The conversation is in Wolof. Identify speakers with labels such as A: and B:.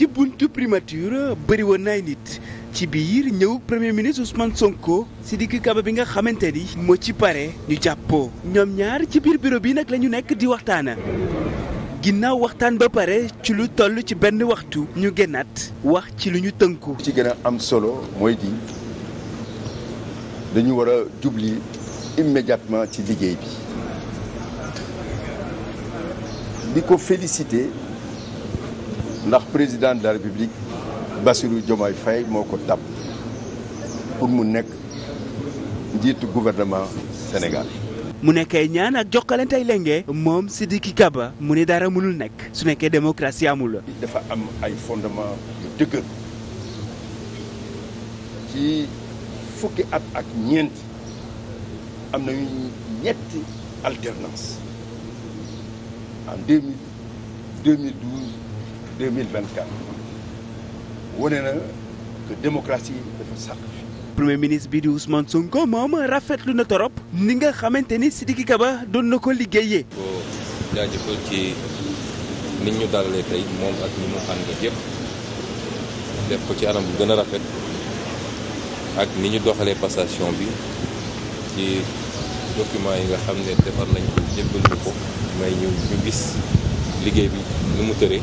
A: ci buntu primature bëri woon naay nit ci biir ñëw premier ministre Ousmane Sonko diggu Kaba bi nga xamante ni moo ci pare ñu jàppoo ñoom ñaar ci biir bureau bi nag lañu nekk di waxtaana ginnaaw waxtaan ba pare ci lu toll ci
B: benn waxtu ñu génnaat wax ci lu ñu tënku. ci gën a am solo mooy di dañu war a jubli immédiatement ci liggéey bi di ko féliciter. ndax président de la république Bassirou Diomaye Faye moo ko tàbb pour mu nekk njiitu gouvernement Sénégal. mu nekkee ñaan ak
A: jokkalante ay lenge moom Sidiki Kaba mu ne dara mënul nekk. su nekkee démocratie amul.
B: dafa am ay fondement yu dëgër ci fukki at ak ñeent am nañu ñetti alternance en 2024 wane na que démocratie
A: premier ministre bi di Ousmane Sonko moom rafetlu na torop ni nga xamante ni Sidiki Kaba doon na ko liggéeyee.
C: boo jaajëfal ci nit ñu dalalee tey moom ak ñi mu àndal yëpp def ko ci anam bu gën a rafet ak ni ñu doxalee passation bi ci document yi nga xam ne defar nañ ko jébbal ñu ko may ñu gis liggéey bi nu mu tëree.